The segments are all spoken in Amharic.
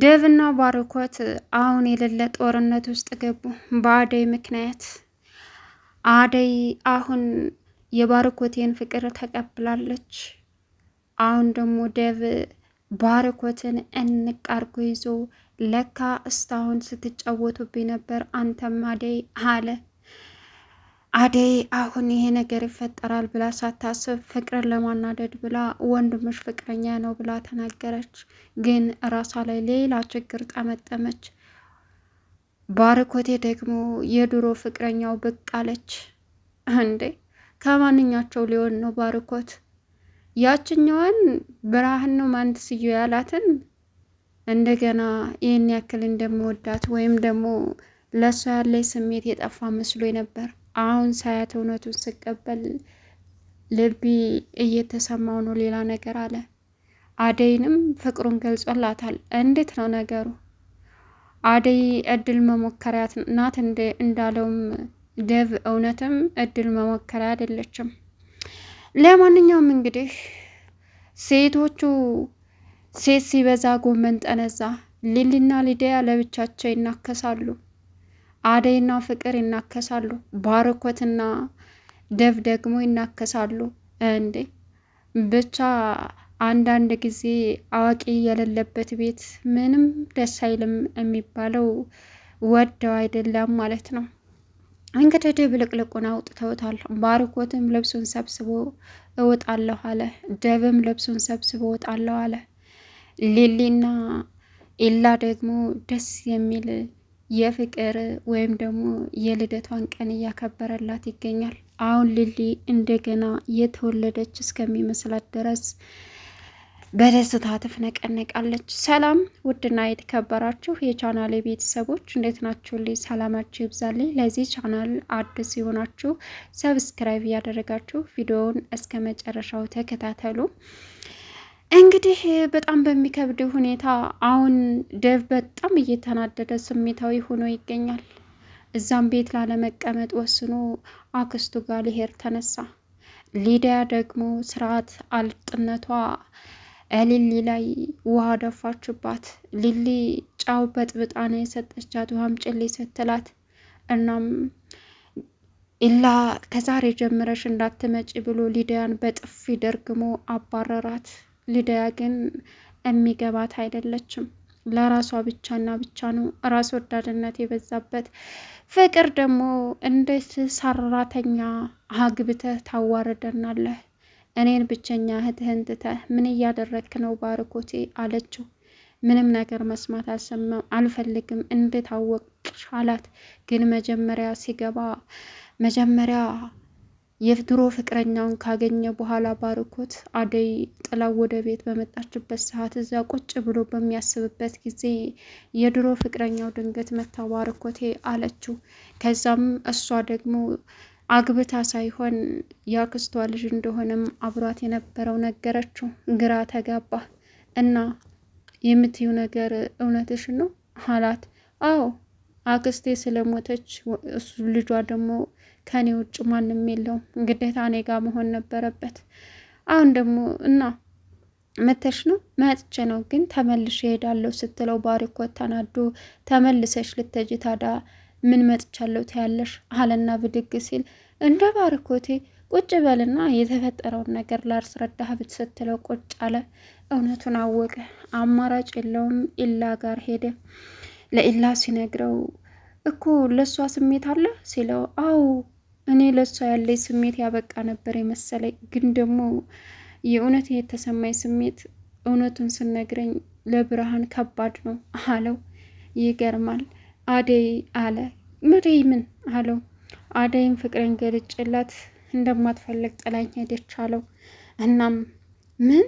ዴቭና ባርኮት አሁን የሌለ ጦርነት ውስጥ ገቡ። በአደይ ምክንያት አደይ አሁን የባርኮቴን ፍቅር ተቀብላለች። አሁን ደግሞ ደብ ባርኮትን እንቃርጎ ይዞ ለካ እስታሁን ስትጫወቱብኝ ነበር አንተም አደይ አለ። አደይ አሁን ይሄ ነገር ይፈጠራል ብላ ሳታስብ ፍቅርን ለማናደድ ብላ ወንድምሽ ፍቅረኛ ነው ብላ ተናገረች። ግን ራሷ ላይ ሌላ ችግር ጠመጠመች። ባርኮቴ ደግሞ የድሮ ፍቅረኛው ብቅ አለች። እንዴ ከማንኛቸው ሊሆን ነው? ባርኮት ያችኛዋን ብርሃን ነው ማንድ ስዩ ያላትን እንደገና ይህን ያክል እንደምወዳት ወይም ደግሞ ለእሷ ያለኝ ስሜት የጠፋ መስሎ ነበር አሁን ሳያት እውነቱን ስቀበል ልቢ እየተሰማው ነው ሌላ ነገር አለ። አደይንም ፍቅሩን ገልጾላታል። እንዴት ነው ነገሩ? አደይ እድል መሞከሪያ ናት እንዳለውም ደብ እውነትም እድል መሞከሪያ አይደለችም። ለማንኛውም እንግዲህ ሴቶቹ ሴት ሲበዛ ጎመን ጠነዛ ሊሊና ሊዲያ ለብቻቸው ይናከሳሉ። አደይና ፍቅር ይናከሳሉ። ባርኮትና ደብ ደግሞ ይናከሳሉ። እንዴ ብቻ አንዳንድ ጊዜ አዋቂ የሌለበት ቤት ምንም ደስ አይልም የሚባለው ወደው አይደለም ማለት ነው። እንግዲህ ድብልቅልቁን አውጥተውታል። ባርኮትም ልብሱን ሰብስቦ እወጣለሁ አለ። ደብም ልብሱን ሰብስቦ እወጣለሁ አለ። ሊሊና ኢላ ደግሞ ደስ የሚል የፍቅር ወይም ደግሞ የልደቷን ቀን እያከበረላት ይገኛል። አሁን ሊሊ እንደገና የተወለደች እስከሚመስላት ድረስ በደስታ ትፍነቀነቃለች። ሰላም ውድና የተከበራችሁ የቻናል ቤተሰቦች እንዴት ናችሁ? ልይ ሰላማችሁ ይብዛልኝ። ለዚህ ቻናል አዲስ የሆናችሁ ሰብስክራይብ እያደረጋችሁ ቪዲዮውን እስከ መጨረሻው ተከታተሉ። እንግዲህ በጣም በሚከብድ ሁኔታ አሁን ደቭ በጣም እየተናደደ ስሜታዊ ሆኖ ይገኛል። እዛም ቤት ላለመቀመጥ ወስኖ አክስቱ ጋር ሊሄድ ተነሳ። ሊዲያ ደግሞ ስርዓት አልጥነቷ ሊሊ ላይ ውሃ ደፋችባት። ሊሊ ጫው በጥብጣ ነው የሰጠቻት ውሃም ጭሌ ስትላት፣ እናም ኢላ ከዛሬ ጀምረሽ እንዳትመጪ ብሎ ሊዲያን በጥፊ ደርግሞ አባረራት። ሊዳያ ግን የሚገባት አይደለችም። ለራሷ ብቻና ብቻ ነው ራስ ወዳድነት የበዛበት። ፍቅር ደግሞ እንዴት ሰራተኛ አግብተህ ታዋርደናለህ? እኔን ብቸኛ እህትህን ትተህ ምን እያደረግክ ነው ባርኮቴ አለችው። ምንም ነገር መስማት አልሰማም አልፈልግም እንድታወቅሽ አላት። ግን መጀመሪያ ሲገባ መጀመሪያ የድሮ ፍቅረኛውን ካገኘ በኋላ ባርኮት አደይ ጥላው ወደ ቤት በመጣችበት ሰዓት እዛ ቁጭ ብሎ በሚያስብበት ጊዜ የድሮ ፍቅረኛው ድንገት መታ ባርኮቴ አለችው። ከዛም እሷ ደግሞ አግብታ ሳይሆን ያክስቷ ልጅ እንደሆነም አብሯት የነበረው ነገረችው። ግራ ተጋባ እና የምትዩ ነገር እውነትሽ ነው አላት። አዎ አክስቴ ስለሞተች እሱ ልጇ ደግሞ ከኔ ውጭ ማንም የለውም። ግዴታ እኔ ጋር መሆን ነበረበት። አሁን ደግሞ እና መተሽ ነው መጥቼ ነው ግን ተመልሼ እሄዳለሁ ስትለው ባሪኮ ተናዶ ተመልሰሽ ልተጂ ታዲያ ምን መጥቻለሁ ትያለሽ? አለና ብድግ ሲል እንደ ባርኮቴ ቁጭ በልና የተፈጠረውን ነገር ላስረዳህ ስትለው ቁጭ አለ። እውነቱን አወቀ። አማራጭ የለውም። ኢላ ጋር ሄደ። ለኢላ ሲነግረው እኮ ለእሷ ስሜት አለ ሲለው አዎ እኔ ለእሷ ያለኝ ስሜት ያበቃ ነበር የመሰለኝ። ግን ደግሞ የእውነት የተሰማኝ ስሜት እውነቱን ስነግረኝ ለብርሃን ከባድ ነው አለው። ይገርማል አደይ አለ። መደይ ምን አለው? አደይም ፍቅሬን ገልጭላት እንደማትፈልግ ጥላኝ ሄደች አለው። እናም ምን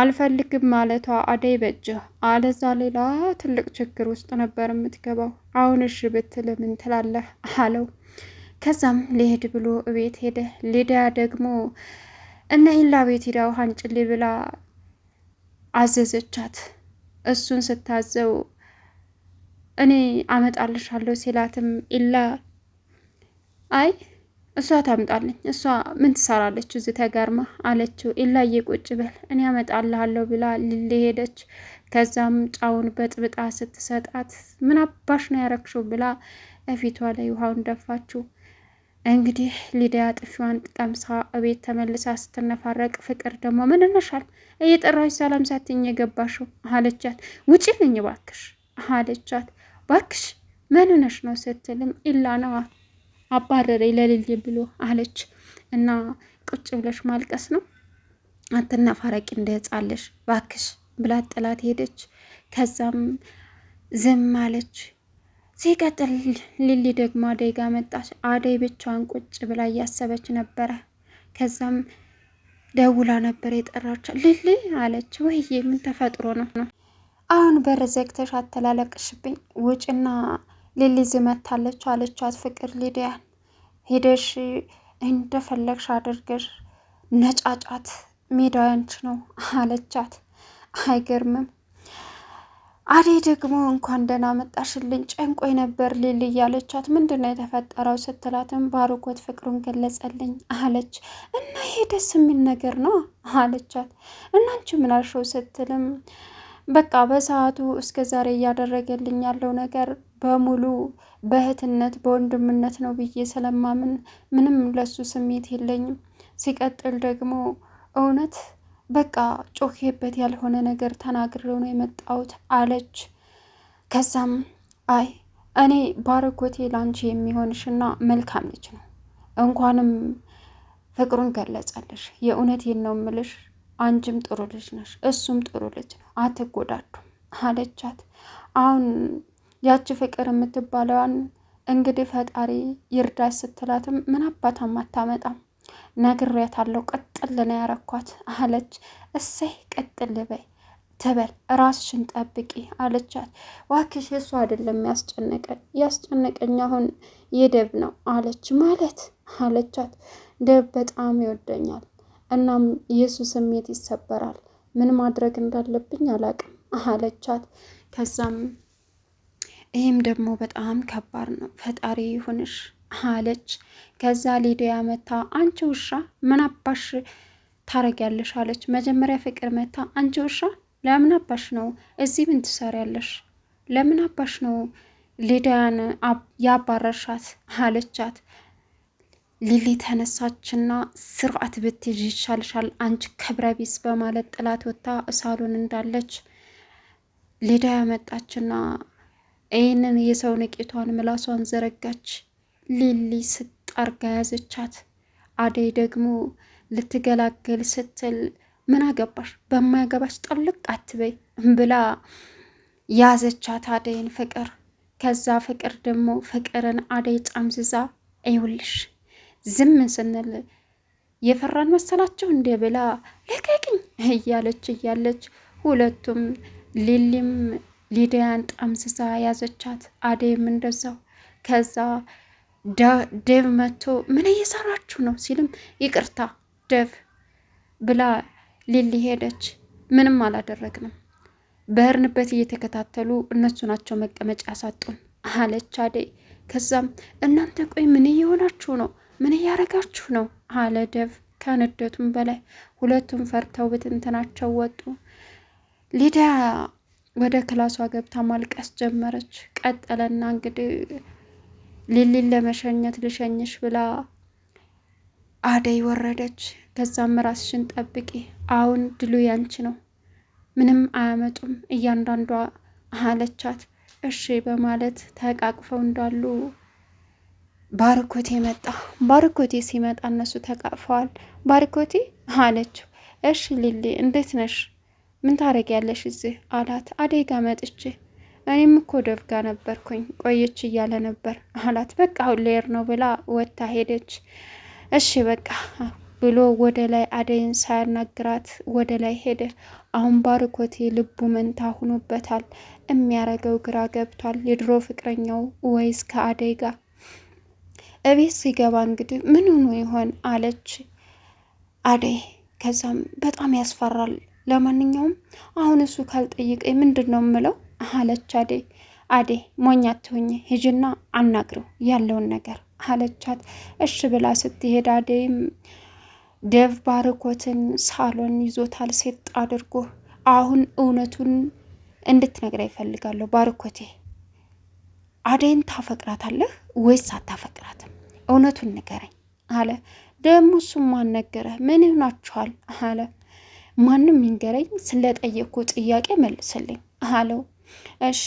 አልፈልግም ማለቷ አደይ በእጅህ አለዛ ሌላ ትልቅ ችግር ውስጥ ነበር የምትገባው። አሁን እሺ ብትል ምን ትላለህ? አለው ከዛም ሊሄድ ብሎ እቤት ሄደ። ሊዲያ ደግሞ እነ ሂላ ቤት ሂዳ ውሃ ጭሊ ብላ አዘዘቻት። እሱን ስታዘው እኔ አመጣልሻለሁ ሲላትም ኢላ አይ እሷ ታምጣለኝ እሷ ምን ትሰራለች እዚህ ተጋርማ አለችው። ኢላዬ ቁጭ በል እኔ አመጣልሃለሁ ብላ ልሌ ሄደች። ከዛም ጫውን በጥብጣ ስትሰጣት ምን አባሽ ነው ያረግሽው ብላ እፊቷ ላይ ውሃውን ደፋችው። እንግዲህ ሊዲያ ጥፊዋን ቀምሳ እቤት ተመልሳ ስትነፋረቅ ፍቅር ደግሞ ምን ነሻል እየጠራች ሰላም ሳትኝ የገባሽው አለቻት። ውጪ ልኝ ባክሽ አለቻት። ባክሽ ምን ነሽ ነው ስትልም ኢላ ነው አባረረኝ ለልል ብሎ አለች። እና ቁጭ ብለሽ ማልቀስ ነው አትነፋረቂ እንደህጻለሽ ባክሽ ብላት ጥላት ሄደች። ከዛም ዝም አለች። ሲቀጥል ሊሊ ደግሞ አደይ ጋ መጣች። አደይ ብቻዋን ቁጭ ብላ እያሰበች ነበረ። ከዛም ደውላ ነበር የጠራች። ሊሊ አለች። ወይ ምን ተፈጥሮ ነው ነው አሁን በር ዘግተሽ አተላለቅሽብኝ ውጭና ሊሊ ዝመታለች አለቻት። ፍቅር ሊዲያን ሂደሽ እንደፈለግሽ አድርገሽ ነጫጫት ሜዳ ያንቺ ነው አለቻት። አይገርምም አዴ ደግሞ እንኳን ደህና መጣሽልኝ ጨንቆይ ነበር ሊል እያለቻት ምንድን ነው የተፈጠረው ስትላትም ባርኮት ፍቅሩን ገለጸልኝ አለች። እና ይሄ ደስ የሚል ነገር ነው አለቻት። እናንቺ ምን አልሽው ስትልም በቃ በሰዓቱ እስከ ዛሬ እያደረገልኝ ያለው ነገር በሙሉ በእህትነት በወንድምነት ነው ብዬ ስለማምን ምንም ለሱ ስሜት የለኝም። ሲቀጥል ደግሞ እውነት በቃ ጮኬበት ያልሆነ ነገር ተናግሬው ነው የመጣሁት አለች። ከዛም አይ እኔ ባረኮቴ ላንቺ የሚሆንሽና መልካም ልጅ ነው፣ እንኳንም ፍቅሩን ገለጸልሽ። የእውነቴን ነው ምልሽ፣ አንቺም ጥሩ ልጅ ነሽ፣ እሱም ጥሩ ልጅ ነው፣ አትጎዳዱም አለቻት። አሁን ያቺ ፍቅር የምትባለዋን እንግዲህ ፈጣሪ ይርዳሽ ስትላትም ምን አባታም አታመጣም። ነግሬያታለሁ፣ ቅጥል ነው ያረኳት አለች። እሰይ ቅጥል በይ ትበል ራስሽን ጠብቂ አለቻት። ዋክሽ እሱ አይደለም ያስጨነቀ ያስጨነቀኝ አሁን የደብ ነው አለች። ማለት አለቻት። ደብ በጣም ይወደኛል፣ እናም የእሱ ስሜት ይሰበራል። ምን ማድረግ እንዳለብኝ አላቅም አለቻት። ከዛም ይህም ደግሞ በጣም ከባድ ነው። ፈጣሪ ይሁንሽ አለች። ከዛ ሊዲያ መታ አንቺ ውሻ ምን አባሽ ታረጊያለሽ? አለች። መጀመሪያ ፍቅር መታ አንቺ ውሻ ለምን አባሽ ነው እዚህ ምን ትሰሪያለሽ? ለምን አባሽ ነው ሊዲያን ያባረርሻት? አለቻት። ሊሊ ተነሳችና ስርዓት ብትይዥ ይሻልሻል አንቺ ከብረቢስ በማለት ጥላት ወጥታ ሳሎን እንዳለች ሊዲያ መጣችና ይህንን የሰው ንቂቷን ምላሷን ዘረጋች። ሊሊ ስጠርጋ ያዘቻት። አደይ ደግሞ ልትገላገል ስትል ምን አገባሽ በማያገባሽ ጠልቅ አትበይ ብላ ያዘቻት አደይን ፍቅር። ከዛ ፍቅር ደግሞ ፍቅርን አደይ ጫምዝዛ ይውልሽ ዝም ስንል የፈራን መሰላቸው እንዴ ብላ ልቀቅኝ እያለች እያለች ሁለቱም ሊሊም ሊዲያን ጣምዝዛ ያዘቻት፣ አደይም እንደዛው ከዛ ደብ መጥቶ ምን እየሰራችሁ ነው ሲልም ይቅርታ ደቭ ብላ ሊሊ ሄደች። ምንም አላደረግንም፣ በህርንበት እየተከታተሉ እነሱ ናቸው መቀመጫ ያሳጡን አለች አደይ። ከዛም እናንተ ቆይ ምን እየሆናችሁ ነው? ምን እያረጋችሁ ነው? አለ ዴቭ ከንደቱም በላይ ሁለቱም ፈርተው ብትንትናቸው ወጡ። ሊዲያ ወደ ክላሷ ገብታ ማልቀስ ጀመረች። ቀጠለና እንግዲህ ሊሊን ለመሸኘት ልሸኝሽ ብላ አደይ ወረደች። ከዛም ራስሽን ጠብቂ፣ አሁን ድሉ ያንቺ ነው፣ ምንም አያመጡም እያንዳንዷ አለቻት። እሺ በማለት ተቃቅፈው እንዳሉ ባርኮቴ መጣ። ባርኮቴ ሲመጣ እነሱ ተቃቅፈዋል። ባርኮቴ አለችው፣ እሺ ሊሊ እንዴት ነሽ? ምን ታደርጊያለሽ እዚህ? አላት አደይ ጋ መጥቼ እኔም እኮ ደብጋ ነበርኩኝ ቆየች እያለ ነበር አላት። በቃ አሁን ልሄድ ነው ብላ ወታ ሄደች። እሺ በቃ ብሎ ወደ ላይ አደይን ሳያናግራት ወደ ላይ ሄደ። አሁን ባርኮቴ ልቡ መንታ ሆኖበታል። የሚያረገው ግራ ገብቷል። የድሮ ፍቅረኛው ወይስ ከአደይ ጋር? እቤት ሲገባ እንግዲህ ምን ሆኖ ይሆን አለች አደይ። ከዛም በጣም ያስፈራል። ለማንኛውም አሁን እሱ ካልጠይቀኝ ምንድን ነው የምለው አለች አዴ አዴ ሞኛ አትሁኝ ሂጂና አናግረው ያለውን ነገር አለቻት። እሽ ብላ ስትሄድ አዴም ደቭ ባርኮትን ሳሎን ይዞታል ሴት አድርጎ። አሁን እውነቱን እንድትነግረኝ ይፈልጋለሁ። ባርኮቴ አዴን ታፈቅራታለህ ወይስ አታፈቅራትም? እውነቱን ንገረኝ አለ። ደግሞ እሱም ማን ነገረ? ምን ይሆናችኋል አለ። ማንም ይንገረኝ፣ ስለጠየቅኩ ጥያቄ መልስልኝ አለው። እሺ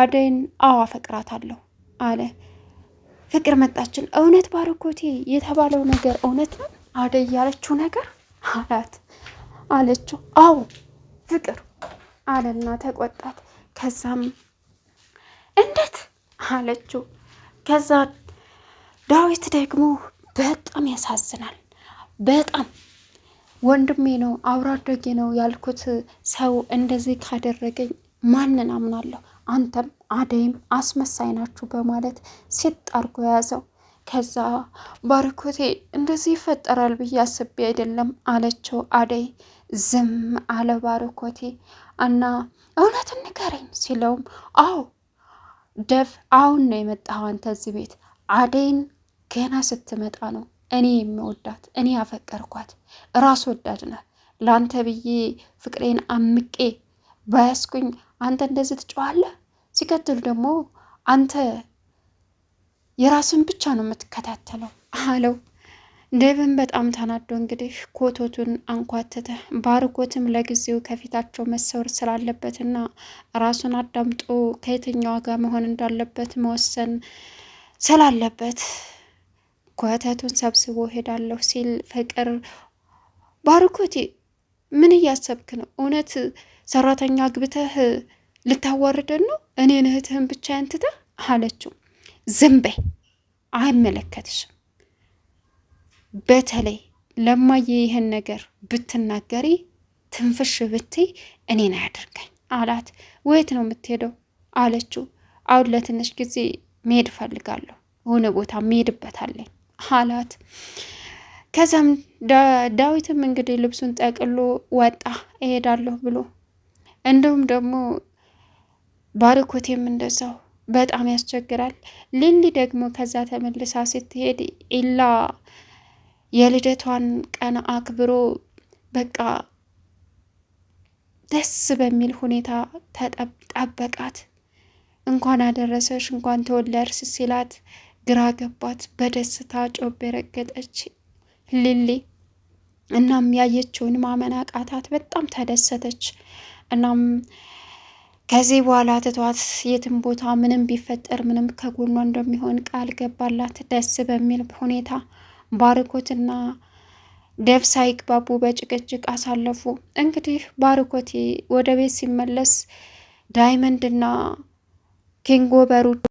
አደይን አዋ ፈቅራታለሁ አለ። ፍቅር መጣችን። እውነት ባርኮቴ የተባለው ነገር እውነት ነው አደይ ያለችው ነገር አላት አለችው። አዎ ፍቅር አለና ተቆጣት። ከዛም እንዴት አለችው። ከዛ ዳዊት ደግሞ በጣም ያሳዝናል። በጣም ወንድሜ ነው አብሮ አደጌ ነው ያልኩት ሰው እንደዚህ ካደረገኝ ማንን አምናለሁ? አንተም አደይም አስመሳይ ናችሁ በማለት ሲጣርጎ አርጎ የያዘው። ከዛ ባርኮቴ እንደዚህ ይፈጠራል ብዬ አስቤ አይደለም አለችው አደይ። ዝም አለ ባርኮቴ እና እውነት ንገረኝ ሲለውም አዎ ደፍ አሁን ነው የመጣኸው አንተ እዚህ ቤት። አደይን ገና ስትመጣ ነው እኔ የምወዳት እኔ ያፈቀርኳት ራስ ወዳድ ነ ለአንተ ብዬ ፍቅሬን አምቄ ባያስኩኝ አንተ እንደዚህ ትጮዋለህ። ሲቀጥል ደግሞ አንተ የራስን ብቻ ነው የምትከታተለው አለው። ዴቭን በጣም ተናዶ እንግዲህ ኮቶቱን አንኳተተ። ባርኮትም ለጊዜው ከፊታቸው መሰወር ስላለበትና ራሱን አዳምጦ ከየትኛዋ ጋር መሆን እንዳለበት መወሰን ስላለበት ኮተቱን ሰብስቦ ሄዳለሁ ሲል ፍቅር ባርኮቴ ምን እያሰብክ ነው እውነት ሰራተኛ አግብተህ ልታዋርደን ነው? እኔን እህትህን ብቻ ትተህ አለችው። ዝም በይ አይመለከትሽም። በተለይ ለማየ ይህን ነገር ብትናገሪ ትንፍሽ ብትይ እኔን አያደርገኝ አላት። ወየት ነው የምትሄደው? አለችው። አሁን ለትንሽ ጊዜ መሄድ እፈልጋለሁ ሆነ ቦታ መሄድበታለኝ አላት። ከዛም ዳዊትም እንግዲህ ልብሱን ጠቅሎ ወጣ። እሄዳለሁ ብሎ እንደውም ደግሞ ባርኮቴም እንደዛው በጣም ያስቸግራል። ሊሊ ደግሞ ከዛ ተመልሳ ስትሄድ ኢላ የልደቷን ቀን አክብሮ በቃ ደስ በሚል ሁኔታ ተጠበቃት። እንኳን አደረሰሽ እንኳን ተወለድሽ ሲላት ግራ ገባት። በደስታ ጮቤ የረገጠች ሊሊ። እናም ያየችውን ማመን አቃታት። በጣም ተደሰተች። እናም ከዚህ በኋላ ትቷት የትም ቦታ ምንም ቢፈጠር ምንም ከጎኗ እንደሚሆን ቃል ገባላት። ደስ በሚል ሁኔታ ባርኮትና ደብ ሳይግባቡ በጭቅጭቅ አሳለፉ። እንግዲህ ባርኮቴ ወደ ቤት ሲመለስ ዳይመንድና ኪንጎ በሩ